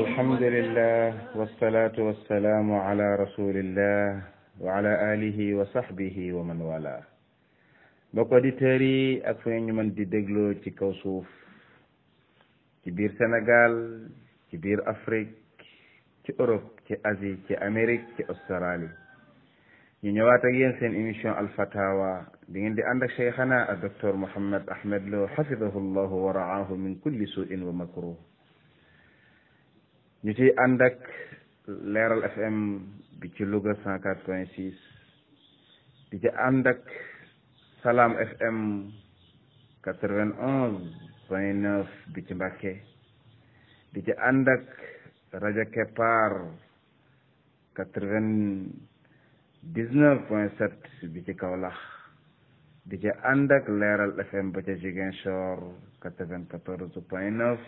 alhamdulillah wasalaatu wasalaamu ala rasulillah wa ala alihi wa sahbihi wa man wala mbokk auditeurs yi ak fu ñu mën di dégloo ci kaw suuf ci biir Sénégal ci biir Afrique ci Europe ci Asie ci Amérique ci Australie ñu ñëwaat ak yéen seen émission alfatawa bi ngeen di ànd ak cheikhana ak docteur Mouhammad Ahmad Lo xafidahu llahu wa raahu min kulli suin wa makruh ñu ciy leeral fm bi ci louga cent quatre point six di ci ànd ak salaam fm quatre vingt onze point neuf bi ci mbàkke di ci ànd rajo keppaar quatre vingt dix neuf point sept bi ci kawlax di ci ànd ak leeral fm ba ca Ziguinchor quatre vingt quatorze point neuf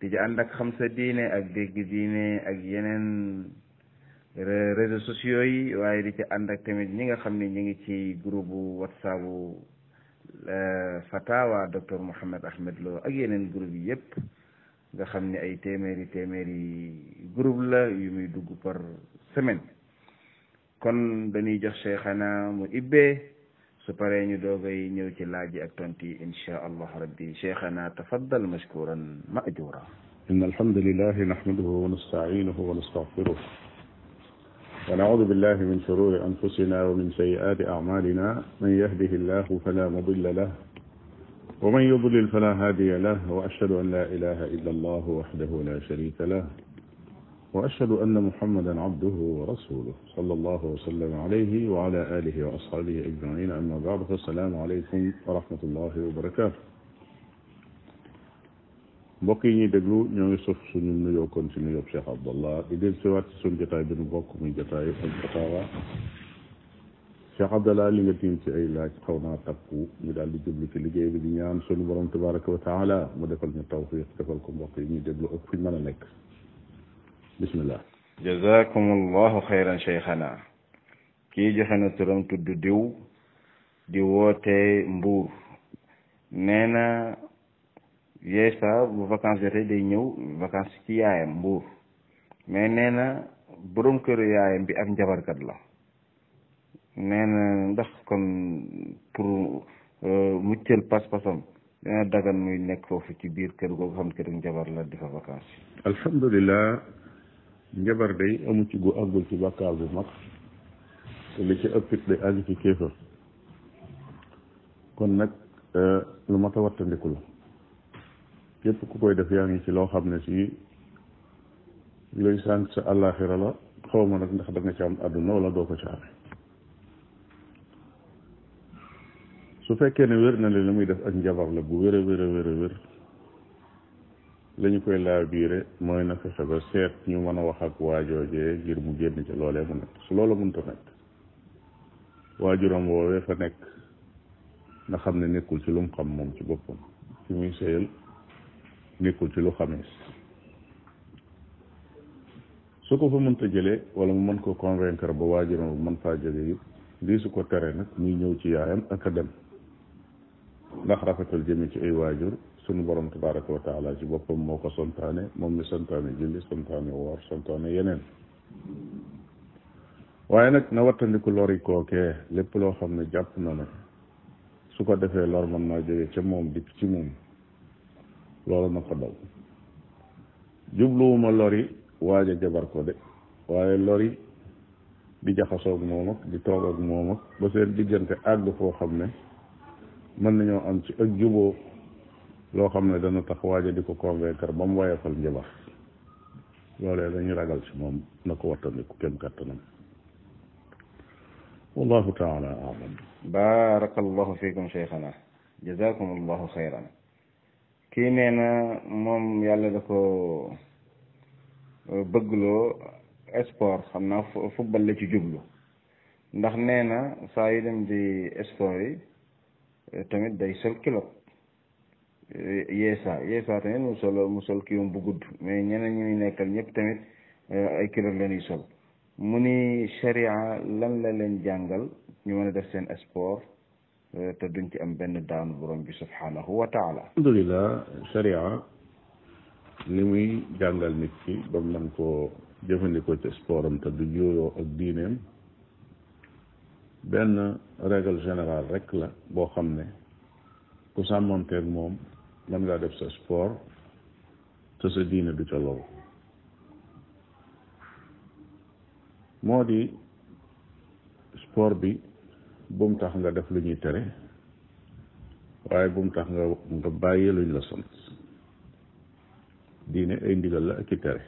di ci ànd ak xamsa sa diine ak dégg diine ak yeneen réseaux sociaux yi waaye di ci ànd ak tamit ñi nga xam ne ñi ngi ci group bu whatsapp bu euh, fatawa docteur Mouhamed Ahmed Lo ak yeneen groupe yi yëpp nga xam ni ay téeméeri téeméeri groupe la yu muy dugg par semaine kon dañuy jox Cheikhana mu ibbee su paree ñu doogay ñëw ci laaj yi ak tontu yi insha allah rabbi cheikhana tafaddal mashkuran majuura إن الحمد لله نحمده ونستعينه ونستغفره ونعوذ بالله من شرور أنفسنا ومن سيئات أعمالنا من يهده الله فلا مضل له ومن يضلل فلا هادي له وأشهد أن لا إله إلا الله وحده لا شريك له وأشهد أن محمدا عبده ورسوله صلى الله وسلم عليه وعلى آله وأصحابه أجمعين أما بعد فالسلام عليكم ورحمة الله وبركاته mbokk yi ñuy déglu ñoo ngi sof suñu nuyoo kon ci nuyoo Cheikh Abdallah di del siwaat ci suñu jotaay bi nu bokk muy jotaay ak fatawa Cheikh Abdallah li nga tiim ci ay laaj xaw naa takku ñu daal di jublu ci liggéey bi di ñaan suñu borom tabaraka wa taala mu defal ñu tawfiq defal ko mbokk yi ñuy déglu ak fuñ mën a nekk bismillah jazakumullahu xayran cheikhana kii joxe na turam tudd diw di wootee mbuur nee na yeesa bu vacances jotee day ñëw vacances ci yaayam mbuur mais nee na borom këru yaayam bi ak njabarkat la nee ndax kon pour euh, muccël pas-pasam dina dagan muy nekk foofu ci biir kër googu xam kër njabar la di fa vacances njabar day amu ci gu àggul ci bàkkaar bu mag te li ci ëppit day àgg ci kéefër kon nag euh, lu mat a wattandiku la képp ku koy def yaa ngi ci loo xam ne si luy sànq sa àllaaxira la xaw ma nag ndax da nga ci am àdduna wala doo ko ci amee su fekkee ne wér na li muy def ak njabar la bu wér a wér wér lañu koy laa biire mooy na fexe ba seet ñu mën a wax ak waajoojee ngir mu génn ci loolee mu nekk su loola mënta nekk waajuram woowee fa nekk nga xam ne nekkul ci lu mu xam moom ci boppam ci muy sëyal nekkul ci lu xamees su ko fa mënta jëlee wala mu mën ko convaincre ba waajuram bu mën faa jóge yëpp lii su ko tere nag muy ñëw ci yaayam ak a dem ndax rafetal jëme ci ay waajur sunu borom tabaraka wa taala ci boppam moo ko santaane moom mi santaane julli santaane woor santaane yeneen waaye nag na wattandiku lori kookee lépp loo xam ne jàpp na ne su ko defee lor mën naa jóge ca moom dikk ci moom loolu na ko daw jubluwuma lori waaj a jabar ko de waaye lori di jaxasoog moom ak di toog ak moom ak ba seen diggante àgg foo xam ne mën nañoo am ci ak juboo loo xam ne dana tax di ko convaincre ba mu woyofal njabar loolee dañu ragal ci moom na ko wattandiku kem kàttanam wallahu taala alam baarakallahu fiikum cheikhana jazakum allahu xayran kii nee na moom yàlla da ko euh, bëggloo sport xam naa football la ci jublu ndax nee na saa yu dem di sport yi tamit day sol kilo Eh, yeesa yeesa tamit mu sol mu sol kii bu gudd mais ñeneen ñi muy nekkal ñëpp tamit eh, ay kilo la ñuy sol mu ni sharia lan la leen jàngal ñu mën a def seen sport eh, te duñ ci am benn daanu borom bi subhanahu wa taala alhamdulilah sharia li muy jàngal nit ki ba mu mën jëfandikoo ci sportam te du ak diineem benn règle générale rek la boo xam ne ku sàmmonteeg moom man ngaa def sa sport te sa diine du ca lool moo di sport bi bum tax nga def lu ñuy tere waaye bum tax nga nga bàyyi luñ la sant diine ay ndigal la ak i tere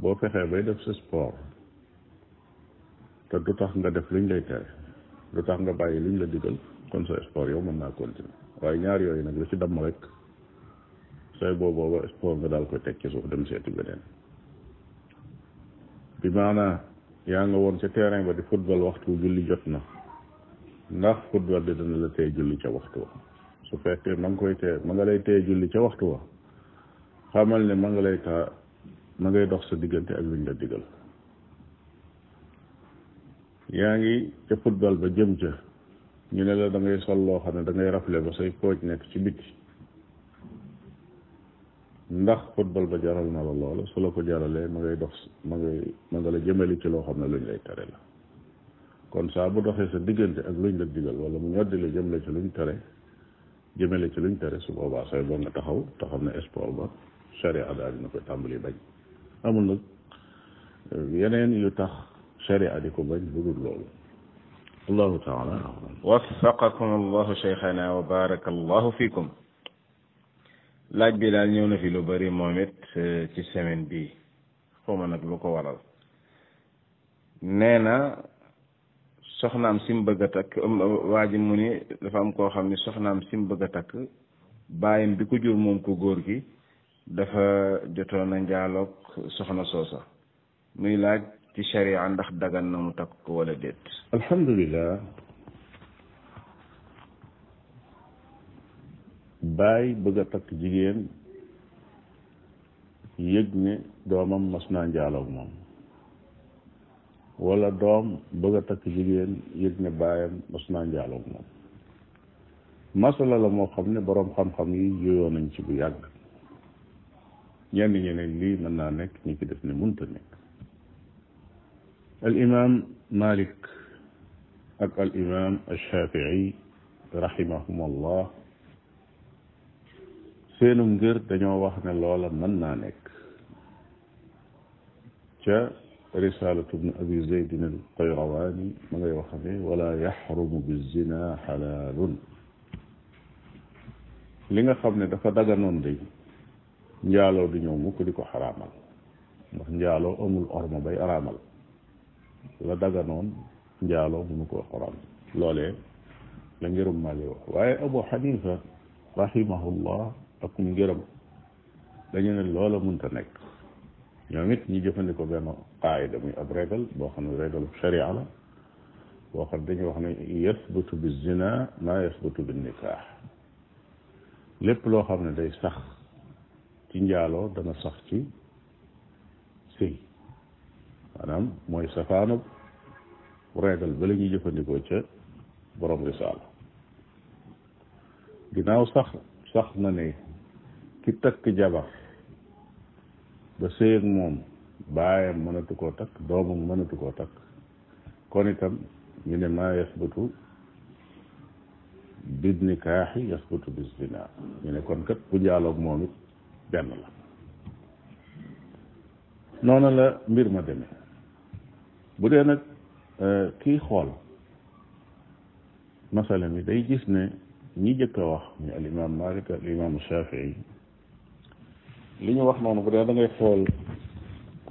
boo fexee bay def sa sport te du tax nga def luñ lay tere du tax nga bàyyi luñ la digal kon sa sport yow mën naa continuer waaye ñaar yooyu nag lu ci damm rek say boobooba sport nga daal ko teg ci suuf dem seeti beneen bi maanaa yaa nga woon ca terrain ba di football waxtu julli jot na ndax football di dana la tee julli ca waxtu wa su fekkee ma nga koy tee ma nga lay tee julli ca waxtu wa xamal ne ma nga lay taa ma ngay dox sa diggante ak luñ la digal yaa ngi ca football ba jëm ca ñu ne la da sol loo xam ne da ngay rafle ba say pooj nekk ci biti ndax football ba jaral na la loola su la ko jaralee ma ngay dox ma ngay nga la jëmali ci loo xam ne luñ lay tere la kon saa bu doxee sa diggante ak luñ la digal wala mu ñoddi la jëmale ci luñ tere jëmale ci luñ tere su boobaa say boo nga taxaw te xam ne sport ba charia daal dina koy tàmbali bañ amul nag yeneen yu tax charia di ko bañ budul loolu allahu taala alam waffaqakum allahu wa baraka allahu fikum laaj bi daal ñëw na fi lu bari moom it euh, ci semaine bi xawma nag lu ko waral nee na soxnaam sim bëgg a takk um, waa mu ni dafa am koo xam ni soxnaam sim bëgg a takk bàyyam bi ko jur moom ko góor gi dafa jotoon a njaaloog soxna soosa muy laaj ci sharia ndax dagan na mu takk ko wala déet alhamdulilah baay bëgg a takk jigéen yëg ne doomam mas naa njaaloog moom wala doom bëgg a takk jigéen yëg ne baayam mas naa njaaloog moom masala la moo xam ne boroom xam-xam yi yooyoo nañ ci bu yàgg ñenn ñeneen lii mën naa nekk ñu ci def ne munta nekk al imaam Malik ak al imaam Shafii rahimahumullah seenu ngir dañoo wax ne loola mën naa nekk ca risalatu bne abi zeydin al qayrawaani ma ngay wax ne wala yaxrumu bizina xalaalun li nga xam ne dafa daganoon day njaaloo du ñëw mukk di ko xaraamal ndax njaaloo amul orma bay araamal la daganoon njaaloo munu ko xaram loolee la ngërum Maalik wax waaye Abu Xanifa rahimahullah ak ngërëm dañu ne loola munta nekk ñoom it ñu jëfandikoo benn qaayida muy ab régal boo xam ne régalu sharia la boo xam dañuy wax ne yasbutu bi zina maa yasbutu bi nikaax lépp loo xam ne day sax ci njaaloo dana sax ci sëy maanaam mooy safaanub reegal ba la jëfandikoo ca borom risaala ginnaaw sax sax na ne ki takk jabar ba sëy moom baayam mënatu koo takk doomam mënatu koo takk kon itam ñu ne maa yasbutu bid nikaaxi yasbutu bis zina ñu ne kon kat moom it benn la noona la mbir ma demee bu dee nag euh, kiy xool masala mi day gis ne ñi jëkk wax ñu al imam malik al imam shafii li ñu wax noonu bu dee da xool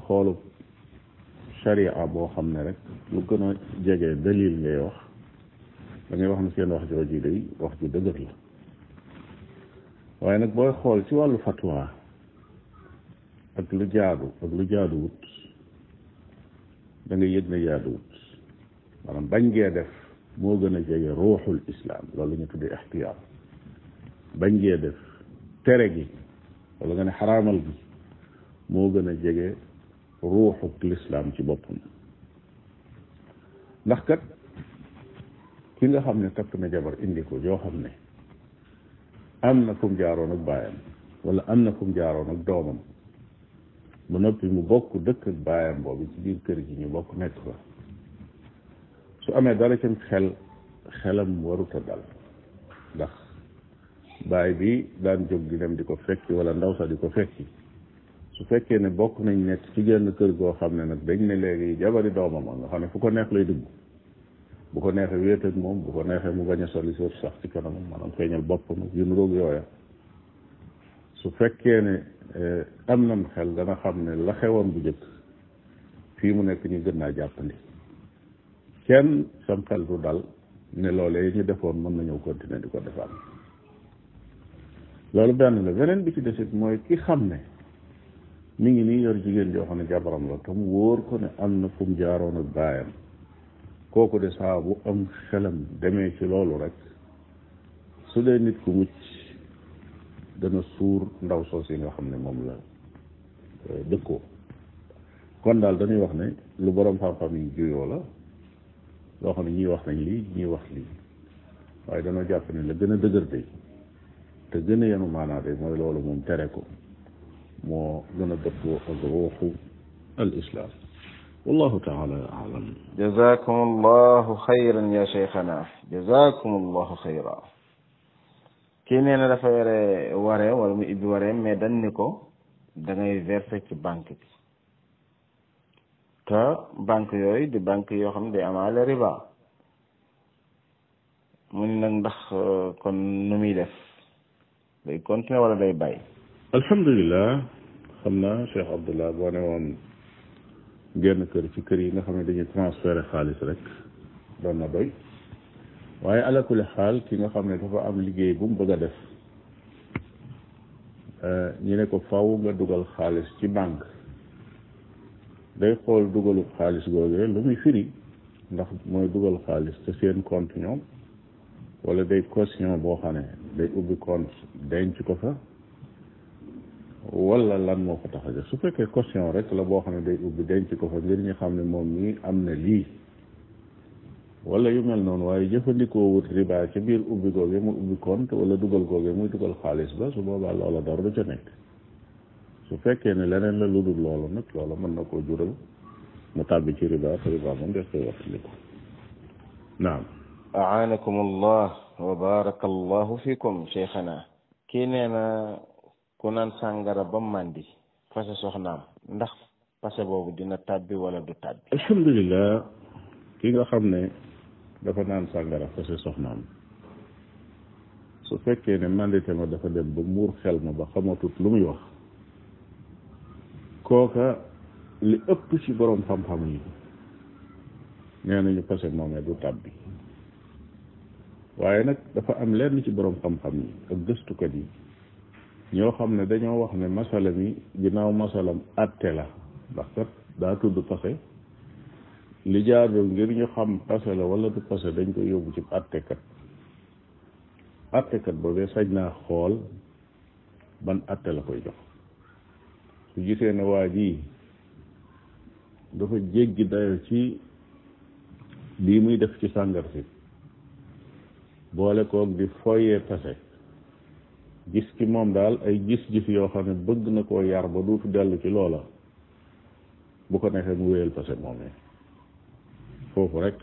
xoolu sharia boo xam ne rek lu gën a jege dalil ngay wax dangay wax ne seen wax jooju day wax ju dëgër la waaye nag booy xool ci wàllu fatwa ak lu jaadu ak lu jaaduwut da nga yëg ne yaaduwut maanaam def moo gën a jege ruuxul islaam loolu ñu tuddee ixtiyaar bañ ngee def tere gi wala nga ne xaraamal gi moo gën a jege ruuxuk lislaam ci boppam ndax kat ki nga xam ne takk na jabar indi ko joo xam ne am na kum jaaroon ak baayam wala am na kum jaaroon ak doomam ba noppi mu bokk dëkk ak baayam boobu ci biir kër gi ñu bokk nekk fa su amee dara cam xel xelam warut a dal ndax baay bi daan jóg di dem di ko fekki wala ndaw sax di ko fekki su fekkee ne bokk nañ nekk ci génn kër goo xam ne nag dañ ne léegi jabari doomam a nga xam ne fu ko neex lay dugg bu ko neexee wéet ak moom bu ko neexee mu bañ a soli suuf sax ci kanamam maanaam feeñal boppam ak yu nu roog yooya su fekkee ne eh, am nam xel dana xam ne la xewoon bu jëkk fii mu nekk ñu gën naa jàppandi kenn sam xel du dal ne loolee ñu defoon mën nañoo continuer di ko defaat loolu benn la beneen bi ci desit mooy ki xam ne mu ngi nii yor jigéen joo xam ne jabaram la tam wóor ko ne am na fu mu jaaroon ak baayam kooku de saabu am xelam demee ci loolu rek su dee nit ku mucc dana suur ndaw soos yi nga xam ne moom la euh, dëkkoo kon daal dañuy wax ne lu borom xam-xam yi juyoo la loo xam ne wax nañ lii ñii wax lii waaye danoo jàpp ne la gën a dëgër de te gën a yenu maanaa de mooy loolu moom tere moo gën a dëppoo ak ruuxu al islam wallahu taala alam jazakum allahu xayran ya cheikhana jazakum allahu xayra kii nee na dafa yore waree wala mu ibbi waree mais dañ ni ko da ngay verser ci banque bi te banque yooyu di banque yoo xam ne day amaale riba mu ni nag ndax euh, kon nu muy def day continuer wala day bàyyi alhamdulilah xam naa Cheikh Abdullah boo ne woon génn kër ci kër yi nga xam ne dañuy transférer xaalis rek doon na doy waaye alakuli xaal ki nga xam ne dafa am liggéey bu mu bëgg a def eh, ñu ne ko faw nga dugal xaalis ci banque day xool dugalu xaalis googee lu muy firi ndax mooy dugal xaalis te seen compte ñoom wala day caution boo xam ne day ubbi compte denc ko fa wala lan moo ko tax a su fekkee caution rek la boo xam ne day ubbi denc ko fa ngir ñu xam ne moom mii am na lii wala yu mel noonu waaye jëfandikoo wut riba ca biir ubbi googe muy ubbi compte wala dugal googe muy dugal xaalis ba su boobaa loola dara du ca nekk su fekkee ne leneen la lu dul loola nag loola mën na koo jural mu tàbbi ci riba te riba moom des koy waxtandiko naam aanakum allah wa baraka allahu fikum kii nee na ku naan sàngara ba màndi fase soxnaam ndax fase boobu dina tàbbi wala du tàbbi alhamdulilah ki nga xam ne dafa naan sàngara fase soxnaam su fekkee ne mandite ma dafa dem ba muur xel ma ba xamatut lu muy wax kooka li ëpp ci boroom xam-xam yi nee nañu fase moomee du tàbbi waaye nag dafa am lenn ci boroom xam-xam yi ak gëstukat yi ñoo xam ne dañoo wax ne masala mi ginnaaw masalam àtte la ndax kat daa tudd fase li jaadoo ngir ñu xam passé la wala du passé dañ koy yóbbu ci attekat attekat boobee sañ naa xool ban atte la koy jox su gisee ne waa ji dafa jéggi dayo ci lii muy def ci sàngar si boole koog di foyee passé gis ki moom daal ay gis-gis yoo xam ne bëgg na koo yar ba duutu dellu ci loola bu ko neexee mu wéyal passé moomee foofu rek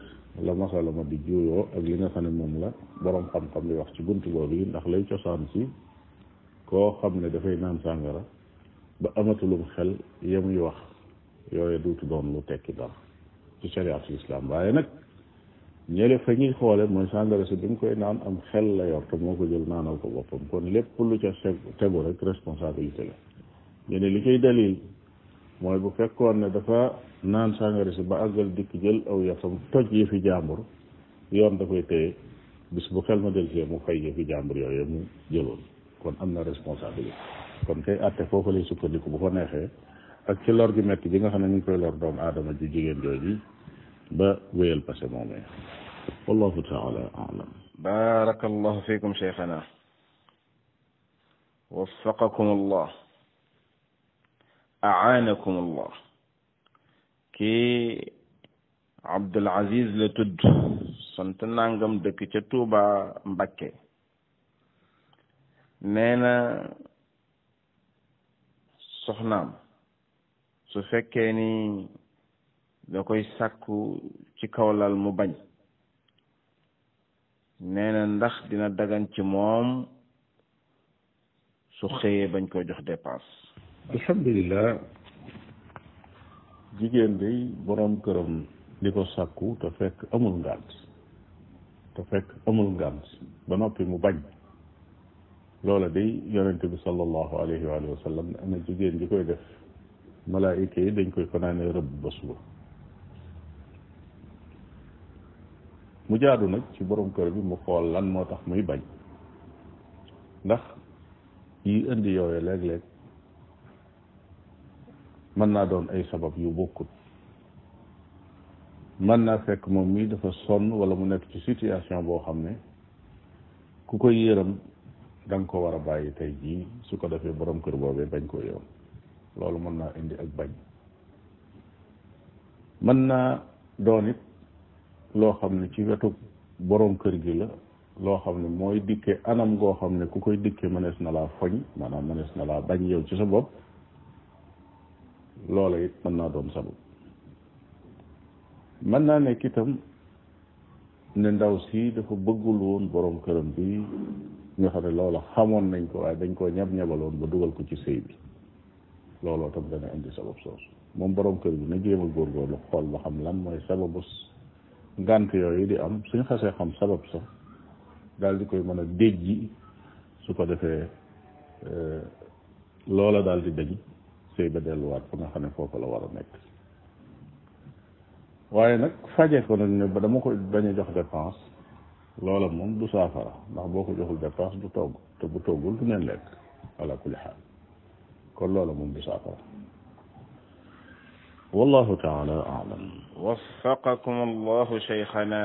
la masala ma di juuyoo ak li nga xam ne moom la boroom xam-xam li wax ci bunt boobu yi ndax lay cosaan si koo xam ne dafay naan sàngara ba amatulum xel yemuy wax yooye duutu doon lu tekki dara ci shariatul islam waaye nag ñële fa ñuy xoole mooy sàngara si bi mu koy naan am xel la yor te moo ko jël naanal ko boppam kon lépp lu ca tegu rek responsabilité la ñu li koy dalil mooy bu fekkoon ne dafa naan sàngara si ba àggal dikk jël aw yafam toj yëfi jàmbur yoon da koy téye bis bu xel ma del see mu fay yëfi jàmbur yooyu mu jëloon kon am na responsabilité kon kay àtte foofu lay sukkandiku bu ko neexee ak ci lor metti bi nga xam ne ñu ngi koy lor doomu aadama ju jigéen jooju ba wéyal passé moomee wallahu taala alam barakallahu fikum cheikhana waffaqakum allah aanakum allah kii Abdul Aziz la tudd sant nangam dëkk ca Touba Mbakke nee na soxnaam su fekkee ni da koy sakku ci kawlal mu bañ nee ndax dina dagan ci moom su xëyee bañ koo jox dépense alhamdulilah jigéen day boroom këram di ko sàkku te fekk amul ngànt te fekk amul ngànt ba noppi mu bañ loola day yonente bi sallallahu alayhi wa sallam ne jigéen di koy def malaayika yi dañ koy ko naanee rëbb ba suba mu jaadu nag ci boroom kër bi mu xool lan moo tax muy bañ ndax yi indi yooyu léeg-léeg mën naa doon ay sabab yu bokkut mën naa fekk moom mii dafa sonn wala mu nekk ci situation boo xam ne ku ko yërëm danga ko war a bàyyi tey jii su ko defee boroom kër boobee bañ koo yërëm loolu mën naa indi ak bañ mën naa doon it loo xam ne ci wetu boroom kër gi la loo xam ne mooy dikke anam goo xam ne ku koy dikke mënees na laa foñ maanaam mënees na laa bañ yow ci sa bopp loola it mën naa doon sabab mën naa nekk itam ne ndaw si dafa bëggul woon borom këram bi nga xam ne loola xamoon nañ ko waaye dañ koo ñab-ñabaloon ba dugal ko ci sëy bi looloo tam dana indi sabab soosu moom boroom kër bi na jéem a góorgóorlu xool ba xam lan mooy sababu ngànt yooyu di am suñ xasee xam sabab sax daal di koy mën a yi su ko defee euh, loola daal di dañ sëy ba delluwaat fa nga xam ne foofu la war a nekk waaye nag faje ko nag ne ba dama ko bañ a jox dépense loola moom du saafara ndax boo ko joxul dépense du togg te bu toggul du ngeen lekk ala kulli xaal kon loola moom du saafara wallahu taala aalam waffaqakum allahu cheikhana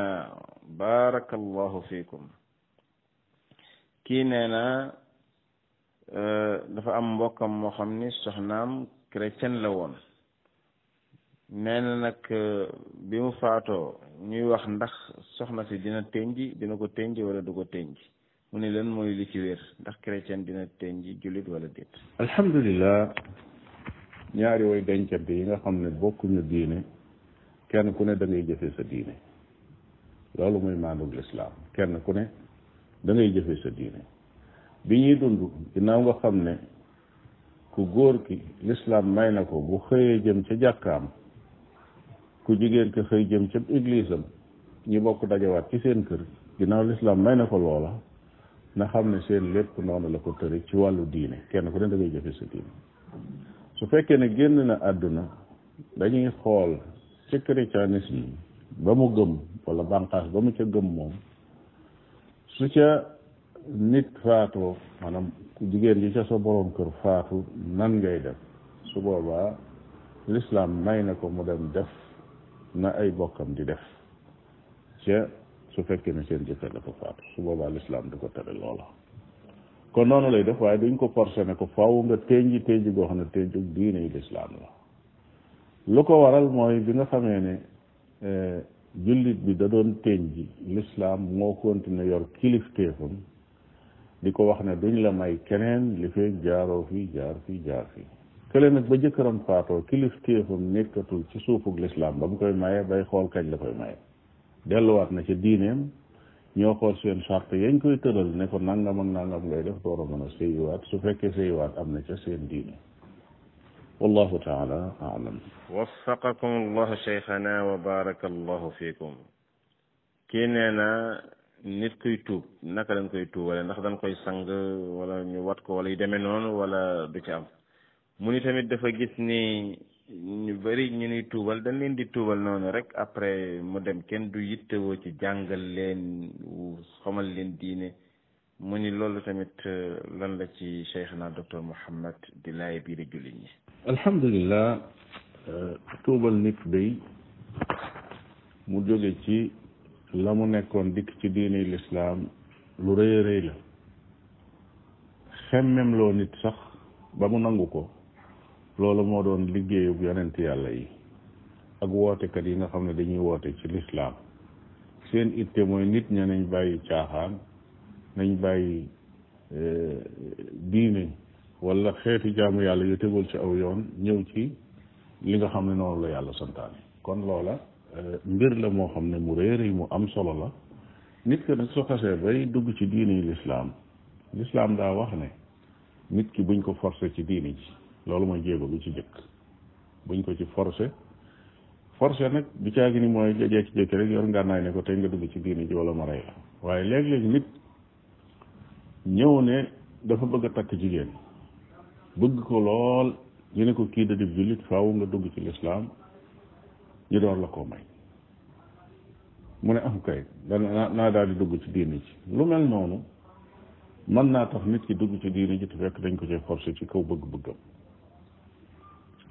baarakallahu fiikum kii nee na Euh, dafa am mbokkam moo xam ni soxnaam chrétien la woon nee na nag euh, bi mu faatoo ñuy wax ndax soxna si dina tënji dina ko tënji wala du ko tënji mu ne leen mooy li ci wér ndax chrétien dina tënji jullit wala déet. alhamdulilah ñaari way dencante yi nga xam ne bokkuñu diine kenn ku ne da jëfe sa diine loolu mooy maandug lislaam kenn ku ne da ngay jëfe sa diine. bi ñuy dund ginnaaw nga xam ne ku góor ki lislaam may na ko bu xëyee jëm ca jàkkaam ku jigéen ki xëy jëm ca églisam ñu bokk dajawaat ci seen kër ginnaaw lislaam may na ko loola na xam ne seen lépp noonu la ko tëri ci wàllu diine kenn ku den dangay jëfe sa diine su fekkee ne génn na àdduna dañuy xool ca christianisme ba mu gëm wala bànqaas ba mu ca gëm moom su ca nit faatoo maanaam jigéen ji ca sa borom kër faatu nan ngay def su boobaa lislaam may na ko mu dem def na ay bokkam di def ca su fekkee ne seen jëkkër dafa faatu su boobaa lislaam du ko tere loola kon noonu lay def waaye duñ ko forcé ne ko faaw nga ténji ji goo xam ne ténjug diine yi lislaam la lu ko waral mooy bi nga xamee ne eh, jullit bi da doon ténji lislaam moo continué yor kilifteefam di ko wax ne duñ la may keneen li fee jaaroo fii jaar fii jaar fii kële nag ba jëkkëram faatoo kilifteefam nekkatul ci suufug lislaam ba mu koy maye bay xool kañ la koy maye delluwaat na ca diineem ñoo xool seen charte yañ koy tëral ne ko nangam ak nangam ngay def door mën a sëyiwaat su fekkee sëyiwaat am na ca seen diine wallahu taala alam waffaqakum allah cheikhana wa baraka allahu fikum kii nee na nit kuy tuub naka lañ koy tuubale ndax dañ koy sang wala ñu wat ko wala yu demee noonu wala du ci am mu ni tamit dafa gis ni ñu bëri ñu nuy tuubal dañ leen di tuubal noonu rek après mu dem kenn du yittewoo ci jàngal leen xamal leen diine mu ni loolu tamit euh, lan la ci cheikhna docteur Mouhammad di laay biir jullit ñi alhamdulilah euh, tuubal nit day mu jóge ci la mu nekkoon dikk ci diini lislaam lu rëy rëy la xemmem loo nit sax ba mu nangu ko loolu moo doon liggéeyu yonent yàlla yi ak wootekat yi nga xam ne dañuy woote ci lislaam seen itte mooy nit ña nañ bàyyi caaxaan nañ bàyyi eh, diine wala xeeti jaamu yàlla yu tegul ci aw yoon ñëw ci li nga xam ne noonu la yàlla santaane kon loola mbir la moo xam ne mu réer yi mu am solo la nit ki nag soo xasee bay dugg ci diini lislaam lislaam daa wax ne nit ki buñ ko forcer ci diini ji loolu mooy jéego bi ci jëkk buñ ko ci forcer forse nag du caagi ni mooy nga jekki jekki rek yor ngànnaay ne ko tey nga dugg ci diini ji wala ma rey la waaye léegi léeg nit ñëw ne dafa bëgg a takk jigéen bëgg ko lool ñu ne ko kii da di jullit faaw nga dugg ci lislaam ñu door la ko may mu ne am ah, kay naa daal di dugg ci diini ji lu mel noonu mën naa tax nit ki dugg ci diini ji te fekk dañ ko cee forcé ci kaw bëgg-bëggam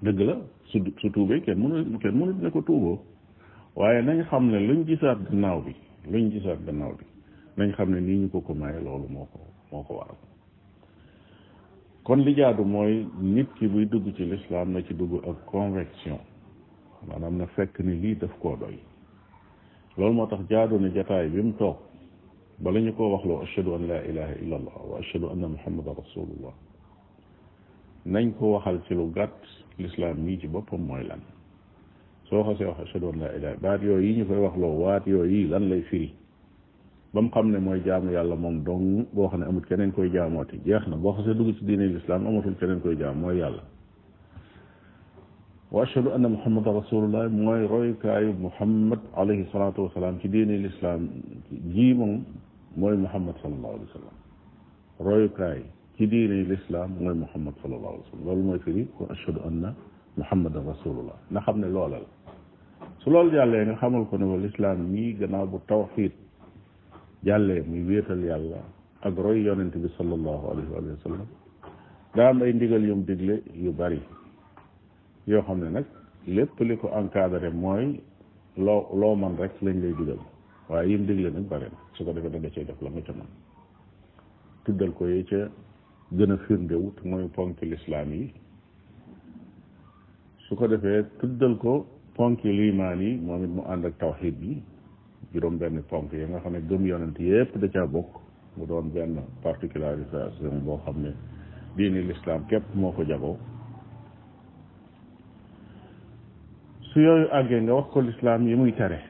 dëgg la su su tuubee kenn mënu kenn mënu ne ko tuuboo waaye nañ xam ne luñ gisaat gannaaw bi luñ gisaat gannaaw bi nañ xam ne nii ñu ko ko maye loolu moo ko moo ko waral kon li jaadu mooy nit ki buy dugg ci lislaam na ci dugg ak conviction maanaam na fekk ni lii daf koo doy loolu moo tax jaadu na jataay bi mu toog bala ñu koo wax loo ashhadu an laa ilaha illa allah wa ashhadu anna muhammadan rasulullah nañ ko waxal ci lu gàtt ci boppam mooy lan soo xasee wax ashhadu an laa ilaha yi ñu koy wax loo waat yooyu yi lan lay firi ba mu xam ne mooy jaamu yàlla moom dong boo xam ne amul keneen koy jaamooti jeex na boo xasee dugg ci diine lislaam amatul keneen koy jaam mooy yàlla wa ashhadu anna muhammadan rasulullah mooy roykaayu muhammad alayhi salaatu wasalaam ci diine lislaam jii moom mooy muhammad sallallahu alayhi wa sallam royukaay ci diine lislaam mooy muhammad sallallahu alayhi wa sallam loolu mooy firi wa ashhadu anna muhammadan rasulullah na xam ne loola la su loolu jàllee nga xamal ko ne wa lislaam mii gannaaw bu tawxiid jàllee muy wéetal yàlla ak roy yonent bi sallallahu alayhi wa sallam daa am ay ndigal yum digle yu bari yoo xam ne nag lépp li ko encadré mooy loo loo man rek lañ lay dugal waaye yim digle nag bare na su ko defee da nga cay def la nga ca man tuddal ko yee ca gën a firndewut mooy ponk lislaam yi su ko defee tuddal ko ponk liimaan yi moom it mu ànd ak tawxiid bi juróom benn ponk yi nga xam ne gëm yonent yépp da caa bokk mu doon benn particularisation boo xam ne diini lislaam képp moo ko jagoo su yooyu àggee nga wax ko lislaam yi muy tere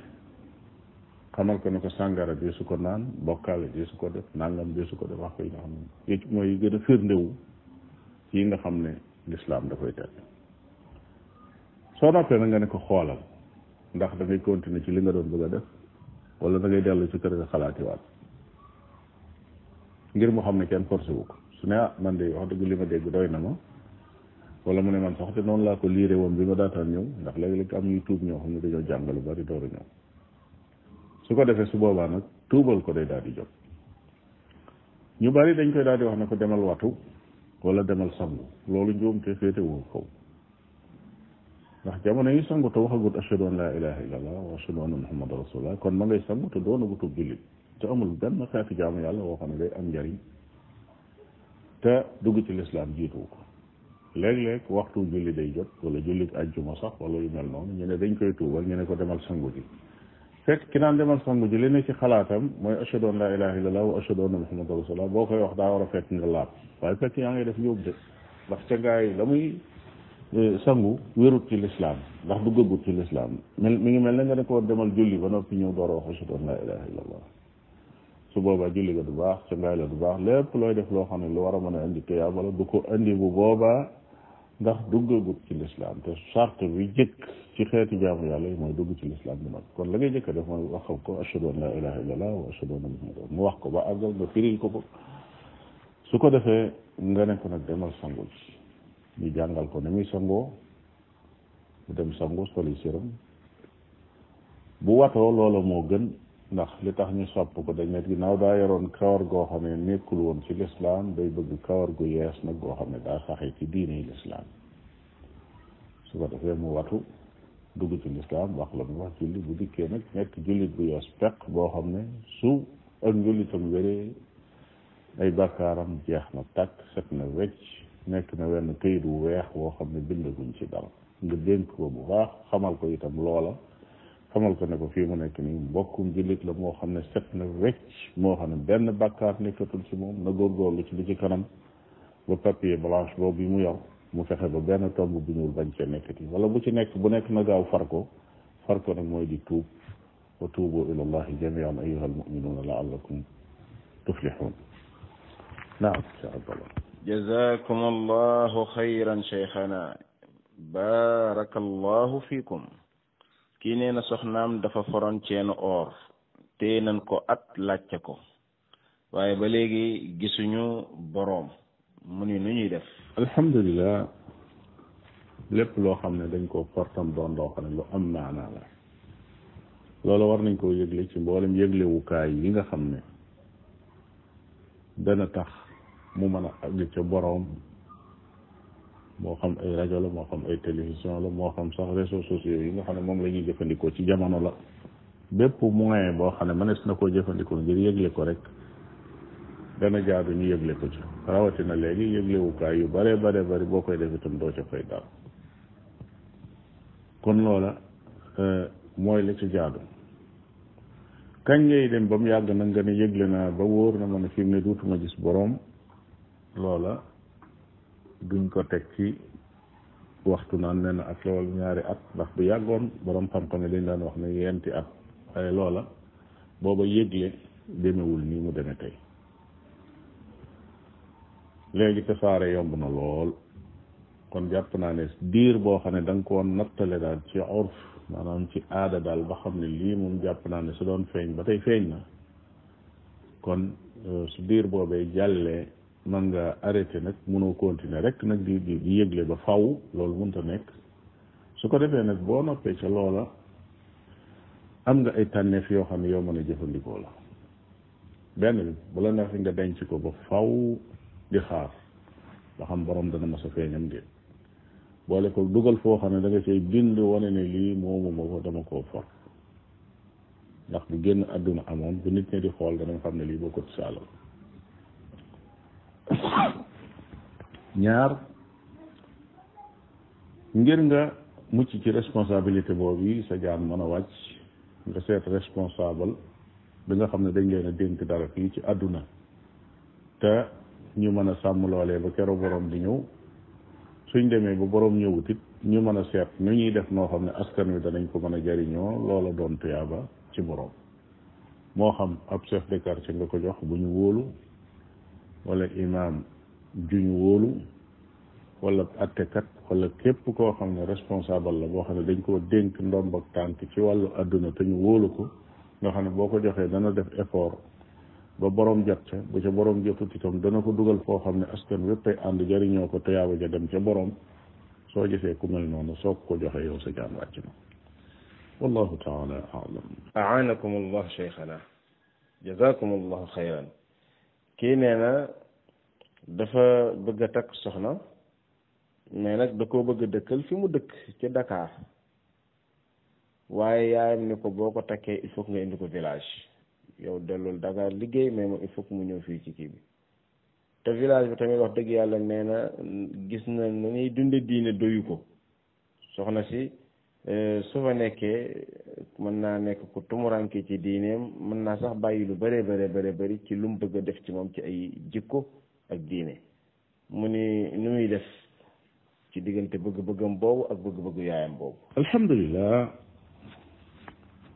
xamal ko ne ko sàngara dee su ko naan bokkaale dee su ko def nangam dee su ko def wax ko yi nga xam ne gën a firndewu yi nga xam ne lislaam da koy tere soo noppee na nga ne ko xoolal ndax da ngay continuer ci li nga doon bëgg a def wala da ngay dellu ci kër nga xalaatiwaat ngir mu xam ne kenn forcé ko su ne ah man de wax dëgg li ma dégg doy na ma wala mu ne man sax te noonu laa ko liire woon bi ma daataan ñëw ndax léegi léeg am ñuy tuub ñoo xam ne dañoo jàng lu bari dooru ñëw su ko defee su boobaa nag tuubal ko day daal di jóg ñu bari dañ koy daal di wax na ko demal watu wala demal sangu loolu njuumte féetewoo kaw ndax jamono yi sangu te waxagut ashhadu an laa ilaha illa allah wa ashhadu kon ma ngay sangu te doonagutub jullit te amul benn xeeti jaamu yàlla woo xam ne day am njariñ dugg ci lislaam jiituwu léeg-léeg waxtu julli day jot wala julli juma sax wala yu mel noonu ñu dañ koy tuubal ñu ne ko demal sangu ji fekk ki naan demal sangu ji li ne ci xalaatam mooy ashhadu an laa ilaha illallah wa ashhadu anna muhammadan boo koy wax daa war a fekk nga laab waaye fekk yaa def yóbbu de ndax ca gaa yi la muy eh, ci lislaam ndax du ci lislaam mel mi ngi mel ne nga ne ko demal julli ba noppi ñëw door wax su boobaa julli ga du baax ca gaa yi la du baax lépp looy def loo xam ne lu war a mën a indi tuyaab wala du ko indi bu boobaa ndax dugg duggagut ci lislaam te charte bi jëkk ci xeeti jaamu yàlla yi mooy dugg ci lislaam bu mag kon la ngay jëkk a def mooy waxal ko ashhadu an laa ilaha illallah wa ashhadu mu wax ko ba àggal nga firil ko ko su ko defee nga ko nag demal sangu ci ñu jàngal ko ni muy sangoo dem sangu soli siram bu watoo loola moo gën ndax li tax ñu sopp ko dañ ne ginnaaw daa yoroon kawar goo xam ne nekkul woon ci lislaam day bëgg kawar gu yees nag goo xam ne daa saxe ci diine lislaam su ko defee mu watu dugg ci lislaam wax la mu wax julli bu dikkee nag nekk jullit bu yees peq boo xam ne su ak njullitam wéree ay bàkkaaram jeex na takk set na wecc nekk na wenn këyit wu weex woo xam ne bindaguñ ci dara nga dénk ko bu baax xamal ko itam loola xamal ko ne ko fii mu nekk nii mbokkum jullit la moo xam ne set na wecc moo xam ne benn bakkaat nekkatul ci moom na góorgóorlu ci li ci kanam ba papier blanche boobu mu yor mu fexe ba benn tomb bu ñuul bañ cee nekkati wala bu ci nekk bu nekk na gaaw far ko far ko nag mooy di tuub wa tuubu ila allahi jamian ayuha almuminuuna laallakum tuflixuun naam sa abdallah jazakum allahu xayran cheikhana baraka allahu fikum kii nee na soxnaam dafa foron ceenu or téye nañ ko at laajte ko waaye ba léegi gisuñu boroom mu ni nu ñuy def alhamdulilah lépp loo xam ne dañ ko fortam doon loo xam ne lu am maanaa la loolu war nañ koo yëgle ci mboolem yëglewukaay yi nga xam ne dana tax mu mën a àgg ca boroom moo xam ay rajo la moo xam ay télévision la moo xam sax réseaux sociaux yi nga xam ne moom la ñuy jëfandikoo ci jamono la bépp moyen boo xam ne mënees na koo jëfandikoo ngir yëgle ko rek dana jaadu ñu yëgle ko ci rawatina léegi yëglewukaay yu bare bare bari boo koy def itam doo ca fay daal kon loola euh, mooy la ci jaadu kañ ngay dem ba mu yàgg na nga ne yëgle naa ba wóor na ma ne ne duutuma gis boroom loola duñ ko teg ci waxtu naan nee na ak loolu ñaari at ndax bu yàggoon boroom xam-xam yi dañ daan wax ne yenti at ay loola booba yëgle demewul nii mu deme tey léegi tasaare yomb na lool kon jàpp naa ne diir boo xam ne da nga koo nattale daal ci urf maanaam ci aada daal ba xam ne lii moom jàpp naa ne su doon feeñ ba tey feeñ na kon euh, su diir boobee jàllee man nga arrêté nag mënoo continuer rek nag di di di yëgle ba faw loolu mun mënta nekk su ko defee nag boo noppee ca loola am nga ay tànneef yoo xam ne yoo mën a jëfandikoo la benn bi bu la neexee nga denc ko ba faw di xaar ba xam borom dana mas a feeñam de boole ko dugal foo xam ne danga nga cay bind wane ne lii moomu ma ko dama koo for ndax bu génn àdduna amoon bu nit ñi di xool danañ xam ne lii bokkut saalal ñaar ngir nga mucc ci responsabilité boobu sa jaan mën a wàcc nga seet responsable bi nga xam ne dañ leen a dénk dara fii ci àdduna te ñu mën a sàmm loolee ba keroog borom di ñëw suñ demee ba borom ñëwut it ñu mën a seet nu ñuy def noo xam ne askan wi danañ ko mën a jariñoo loola doon ba ci boroom moo xam ab chef de quartier nga ko jox bu ñu wóolu wala imaam juñ wóolu wala attekat wala képp koo xam ne responsable la boo xam ne dañ koo dénk ndomb ak tànk ci wàllu àdduna te ñu wóolu ko nga xam ne boo ko joxee dana def effort ba borom jot ca bu ca borom jotut itam dana ko dugal foo xam ne askan wépp ay ànd jariñoo ko teyaaba ja dem ca boroom soo gisee ku mel noonu soo ko joxee yow sa jaan wàcc na wallahu taala alam aanakum allah cheikhana jazakum allahu xayran kii nee na dafa bëgg a takk soxna mais nag da koo bëgg a dëkkal fi mu dëkk ci dakaar waaye yaayam ni ko boo ko takkee il faut nga indi ko village yow dellul Dakar liggéey mais moom il faut mu ñëw fii ci kii bi te village bi tamit wax dëgg yàlla nee na gis na na ñuy dunde diine doyu ko soxna si Euh, su fa nekkee mën naa nekk ku tumuranke ci diineem mën naa sax bàyyi lu bare bare bare bari ci lu mu bëgg a def ci moom ci ay jikko ak diine mu ni nu muy def ci diggante bëgg-bëggam boobu ak bëgg-bëggu yaayam boobu alhamdulilah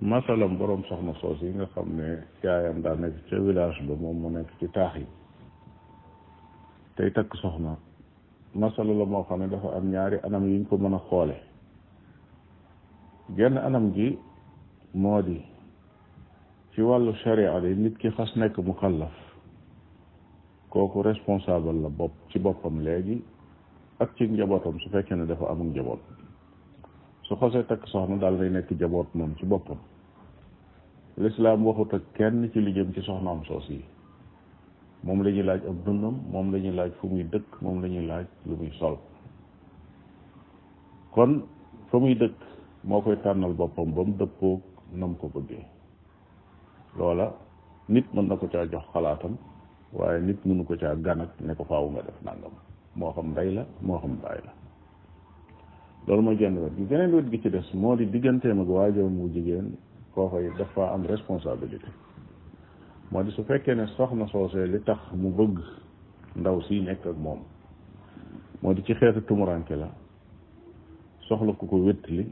masalam borom soxna soos yi nga xam ne yaayam daa nekk ca village ba moom mu nekk ci taax yi tey takk soxna masala la moo xam ne dafa am ñaari anam yuñ ko mën a xoole genn anam gi moo di ci wàllu sharia di nit ki xas nekk xal la kooku responsable la bopp ci boppam léegi ak ci njabootam su fekkee ne dafa amul njaboot su xasee takk soxna daal day nekk njaboot moom ci boppam lislaam waxut ak kenn ci li jëm ci soxnaam soos yi moom lañuy laaj ab dundam moom la ñuy laaj fu muy dëkk moom la ñuy laaj lu muy sol kon fa muy dëkk moo koy tànnal boppam ba mu dëppoo nam ko bëggee loola nit mën na ko caa jox xalaatam waaye nit mënu ko caa ganak ne ko faawu nga def nangam moo xam ndey la moo xam baay la loolu ma genn wet gi geneen wet gi ci des moo di diggantee nag waajuram mu jigéen kooka def dafa am responsabilité moo di su fekkee ne soxna soosee li tax mu bëgg ndaw si nekk ak moom moo di ci xeetu tumuraanke la soxla ku ko li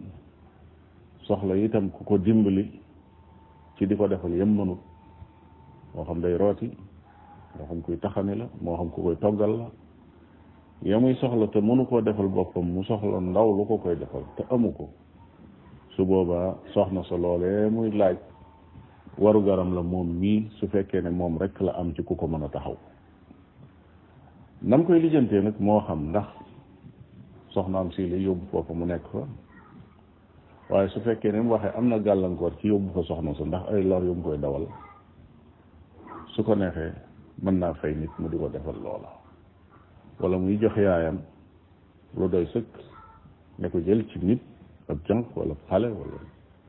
soxla itam ku ko dimbali ci di ko defal yem mënut moo xam day rooti moo xam kuy taxani la moo xam ku koy toggal la ya soxla te mënu koo defal boppam mu soxla ndaw lu ko koy defal te amu ko su boobaa soxna sa loolee muy laaj waru garam la moom mii su fekkee ne moom rekk la am ci ku ko mën a taxaw nam koy lijjantee nag moo xam ndax soxnaam si la yóbbu foofu mu nekk fa waaye su fekkee ni mu waxee am na gàllankoor ci yóbbu ko soxna sa ndax ay lor yu mu koy dawal su ko neexee mën naa fay nit mu di ko defal loola wala muy jox yaayam lu doy sëkk ne ko jël ci nit janq jànq wala xale wala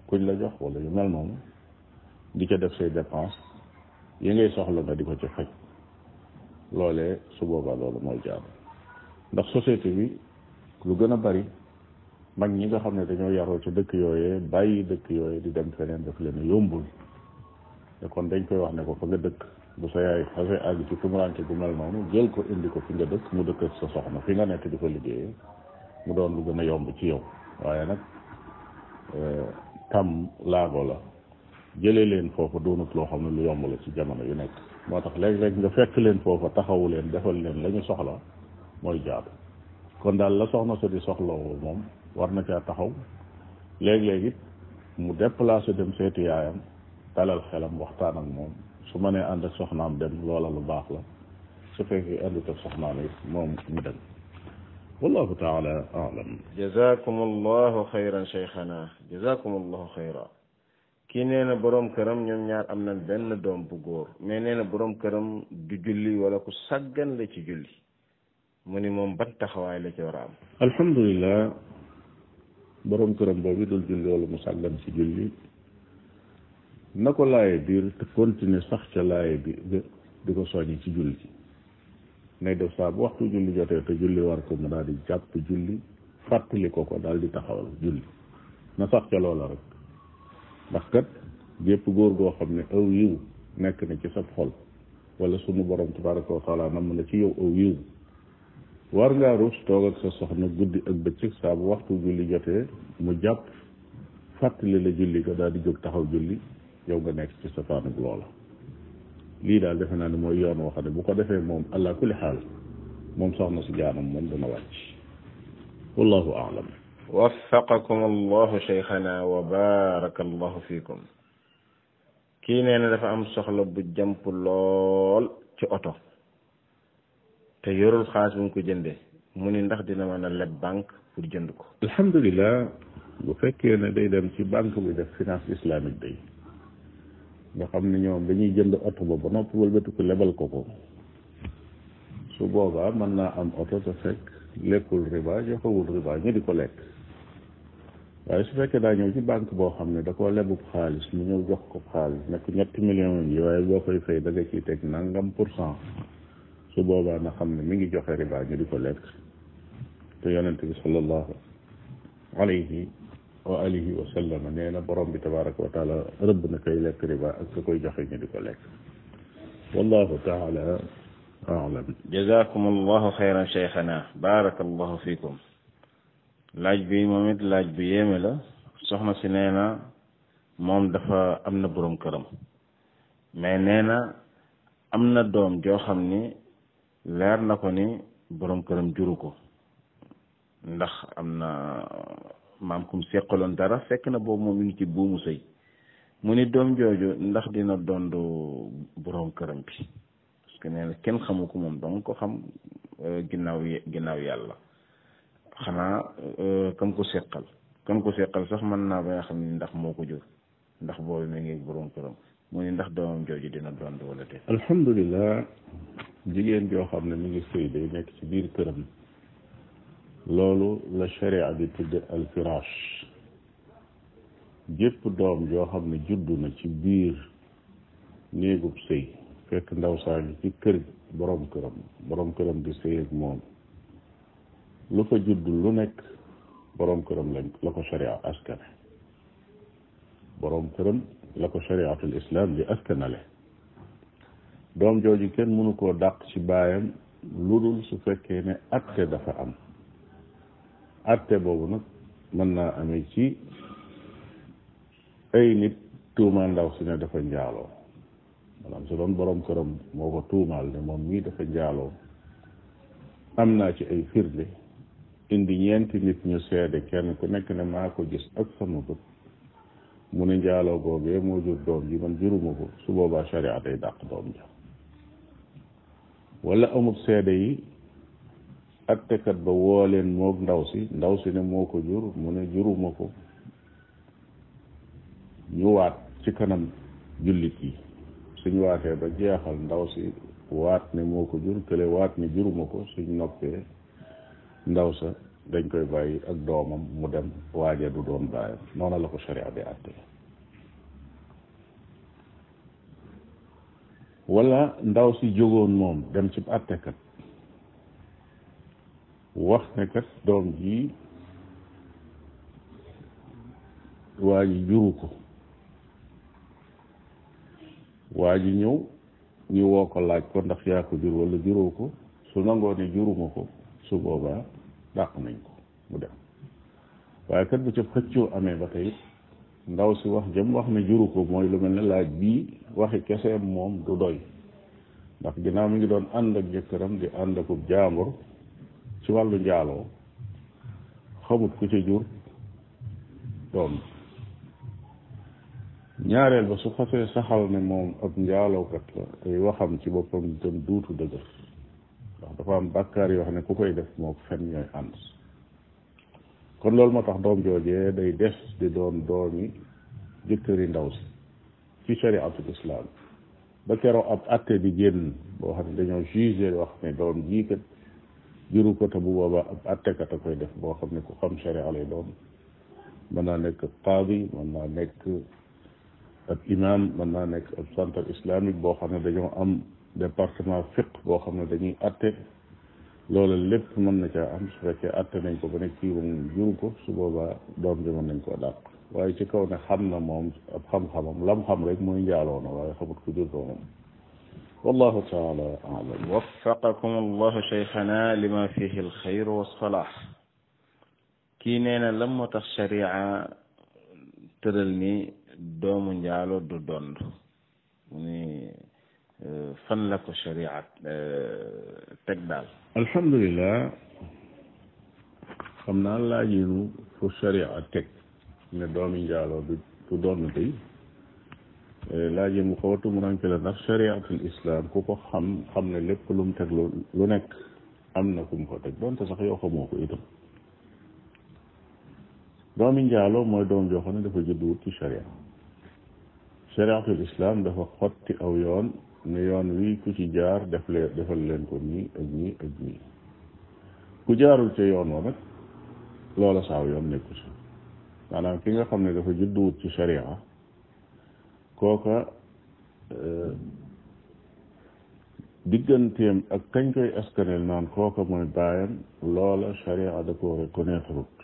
kuñ la jox wala yu mel moom di ca def say dépense yi ngay soxla nga di ko ci faj loolee su boobaa loolu mooy jaadu ndax société bi lu gën a bari mag ñi nga xam ne dañoo yaroo ci dëkk yooyee bàyyi dëkk yooyee di dem feneen daf leen yombul te kon dañ koy wax ne ko fa nga dëkk bu sa yaay xasee àgg ci tumuraanke gu mel noonu jël ko indi ko fi nga dëkk mu dëkk sa soxna fi nga nekk di ko liggéeyee mu doon lu gën a yomb ci yow waaye nag euh, tam laago la jëlee leen foofa doonut loo xam ne lu yomb la ci jamono yu nekk moo tax léeg-léeg nga fekk leen foofa taxawu leen defal leen la ñu soxla mooy jaatu kon daal la soxna sa di soxlawoo moom war na caa taxaw léeg-léeg it mu déplacé dem seeti yaayam dalal xelam waxtaan ak moom su ma nee ànd ak soxnaam dem loola lu baax la su fekkee àndut ak soxnaam it moom mu dem wallahu taala alam jazakum allahu xayran cheikhana jazakum na boroom këram ñoom ñaar am na benn doom bu góor mais na boroom këram du julli wala ku sàggan la ci julli mu ni taxawaay la ci war am alhamdulilah boroom këram boobu dul julli wala mu sàggan ci julli na ko laaye biir te continuer sax ca laaye bi di ko soññ ci julli nay def saa bu waxtu julli jotee te julli war ko mu daal di jàpp julli fàttali ko ko daal di taxawal julli na sax ca loola rek ndax kat gépp góor goo xam ne aw yiw nekk na ci sab xol wala sunu borom tabaraka wa taala nam na ci yow aw yiw war ngaa rus toog ak sa soxna guddi ak bëccëg saa bu waxtu julli jotee mu jàpp fàttali la julli nga daal di jóg taxaw julli yow nga nekk ci safaanug loola lii daal defe naa ni mooy yoon woo xam bu ko defee moom allah kulli xaal moom soxna si jaanam moom dana wàcc wallahu aalam waffaqakum allahu cheikhana wa baraka allahu fiikum kii nee na dafa am soxla bu jàmp lool ci oto te yorul xaalis bu mu ko jëndee mu ni ndax dina mën a leb banque pour jënd ko. alhamdulilah bu fekkee na day dem ci banque bi def finance islamique day nga xam ne ñoom dañuy jënd oto ba ba noppi wëlbati ko lebal ko ko su boobaa mën naa am oto te fekk lekkul riba joxewul riba ñu di ko lekk waaye su fekkee daa ñëw ci banque boo xam ne da ko lebub xaalis mu ñëw jox ko xaalis nekk ñetti million yi waaye boo koy fay da nga ciy teg nangam pour cent. su boobaa na xam mi ngi joxe riba ñu di ko lekk te yonent bi sallallahu alayhi wa alihi wa sallam nee na borom bi koy lekk riba ak ka koy joxe ñu di ko lekk wallahu taala alam jazakum allahu xayran cheikhana barakallahu fikum laaj bi moom laaj bi yéeme la soxna si nee na moom dafa am na borom këram mais nee na am na doom joo xam ni leer na ko ni boroom këram juru ko ndax am na maam kum seqaloon dara fekk na boobu moom mi ngi ci buumu sëy mu ni doom jooju ndax dina dond boroom këram bi parce que nee kenn xamu ko moom dong ko xam euh, ginnaaw ginnaaw yàlla xanaa euh, kam ko seqal kam ko seqal sax man naa ba nga xam ni ndax moo ko jur ndax boobu mi ngi borom këram mu ni ndax doomam jooju dina doon wala déet alhamdulilah jigéen joo xam ne mu ngi sëy day nekk ci biir këram loolu la sharia di tudde alfirash jëpp doom joo xam ne juddu na ci biir néegub sëy fekk ndaw saa ngi ci kër borom këram borom këram di sëy ak moom lu fa juddu lu nekk boroom këram lañ la ko sharia askane borom këram la ko chariatul bi di askanale doom jooju kenn mënu koo dàq ci baayam lu dul su fekkee ne atte dafa am atte boobu nag mën naa amee ci ay nit tuumaal ndaw si ne dafa njaaloo maanaam su doon borom këram moo ko tuumaal ne moom mii dafa njaaloo am naa ci ay firnde indi ñeenti nit ñu seede kenn ku nekk ne maa ko gis ak sama bët mu ne njaaloo googee moo jur doom ji man juruma ko su boobaa sharia day dàq doom ja wala amut seede yi ak attekat ba woo leen moog ndaw si ndaw si ne moo ko jur mu ne juruma ko ñu waat ci kanam jullit yi suñ waatee ba jeexal ndaw si waat ne moo ko jur kële waat ne juruma ko suñ noppee ndaw sa dañ koy bàyyi ak doomam mu dem waaja du doon baayam noonu la ko sharia bi àtte wala ndaw si jógoon moom dem ci àttekat wax ne doom ji waa ji juru ko waa ji ñëw ñu woo ko laaj ko ndax yaa ko jur wala juróo ko su nangoo yi juruma ko su boobaa dàq nañ ko mu dem waaye kat bu ca xëccoo amee ba tey ndaw si wax jëm wax ne juru ko mooy lu mel ne laaj bii waxi keseem moom du doy ndax ginnaaw mi ngi doon ànd ak jëkkëram di ànd akub jaambur ci wàllu njaaloo xamut ku ci jur doom ñaareel ba su xasee saxal ne moom ab njaalookat la ay waxam ci boppam itam duutu dëgër ndax dafa am bàkkaar yoo xam ne ku koy def moo fen ñooy ànd kon loolu moo tax doom joojee day des di doon doomi jëkkëri ndaw si ci shariatul islam ba keroo ab atte di génn boo xam ne dañoo jugé wax ne doom jii kat juru ko bu boobaa ab attekat a koy def boo xam ne ku xam sharia lay doon mën naa nekk qaadi mën naa nekk ab imam mën naa nekk ab centre islamique boo xam ne dañoo am département fiq boo xam ne dañuy atte loola lépp mën na caa am su fekkee atte nañ ko ba ne kii moom juru ko su boobaa doom bi waaye ci kaw xam na moom ab xam-xamam lam xam rek mooy njaaloo na waaye xamut ko jur ko moom wallahu taala alam waffaqakum allahu cheikhana lima fihi alxayr wasalaah kii nee na lan moo tax sharia tëral ni doomu njaalo du dond fan la ko euh, xam naa laaj yi teg ne doomi njaaloo du du doon tey euh, laaj yi mu xaw am na ku ko teg doonte sax yoo xamoo ko itam doomi njaaloo mooy doom joo xam ne dafa juddu ci sharia shariatul islam dafa xotti aw yoon ne yoon wi ku ci jaar def leen defal leen ko nii ak nii ak nii ku jaarul ci yoon wa nag loola saaw yoon nekku si maanaam ki nga xam ne dafa judduwut ci sharia kooka euh, digganteem ak kañ koy askanel naan kooka mooy baayam loola sharia da ko reconnaître ut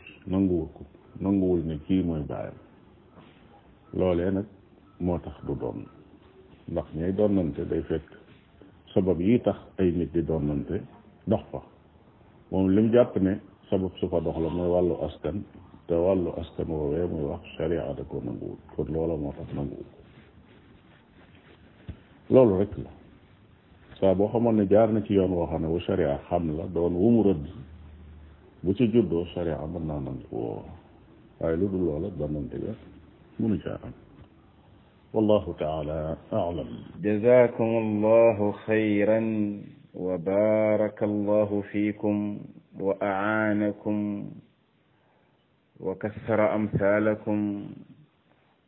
nanguwul ne kii mooy baayam loolee nag moo tax du doon ndax ñooy doonante day fekk sabab yi tax ay nit di doonante dox fa moom li mu jàpp ne sabab su fa dox la mooy wàllu askan te wàllu askan woowee muy wax sharia da ko nanguwul kon loolu rek la saa boo xamoon ne jaar na ci yoon woo xam ne wu sharia xam la doon wu mu rëdd bu ci juddoo sharia mën naa nangu woo waaye lu dul loola doonante ga mënu caa am wallahu taala alam jazakum allahu xayran wa baraka allahu fiikum wa aanakum wa kassara amsaalakum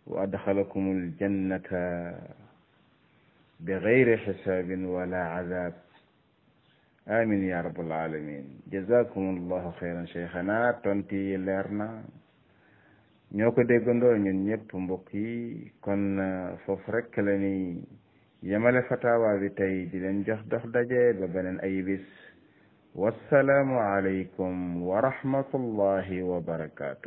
wa adxalakum aljannata bigayri xisaabin wala cadaab amin ya rabbal alamin jazakum allahu xayran cheikhana tonti leer na ñoo ko déggandoo ñun ñëpp mbokk yi kon euh, foofu rekk la ñuy yemale fatawa bi tey di leen jox dox daje ba beneen ay bis wassalaamu aleykum wa rahmatullahi wa barakaatu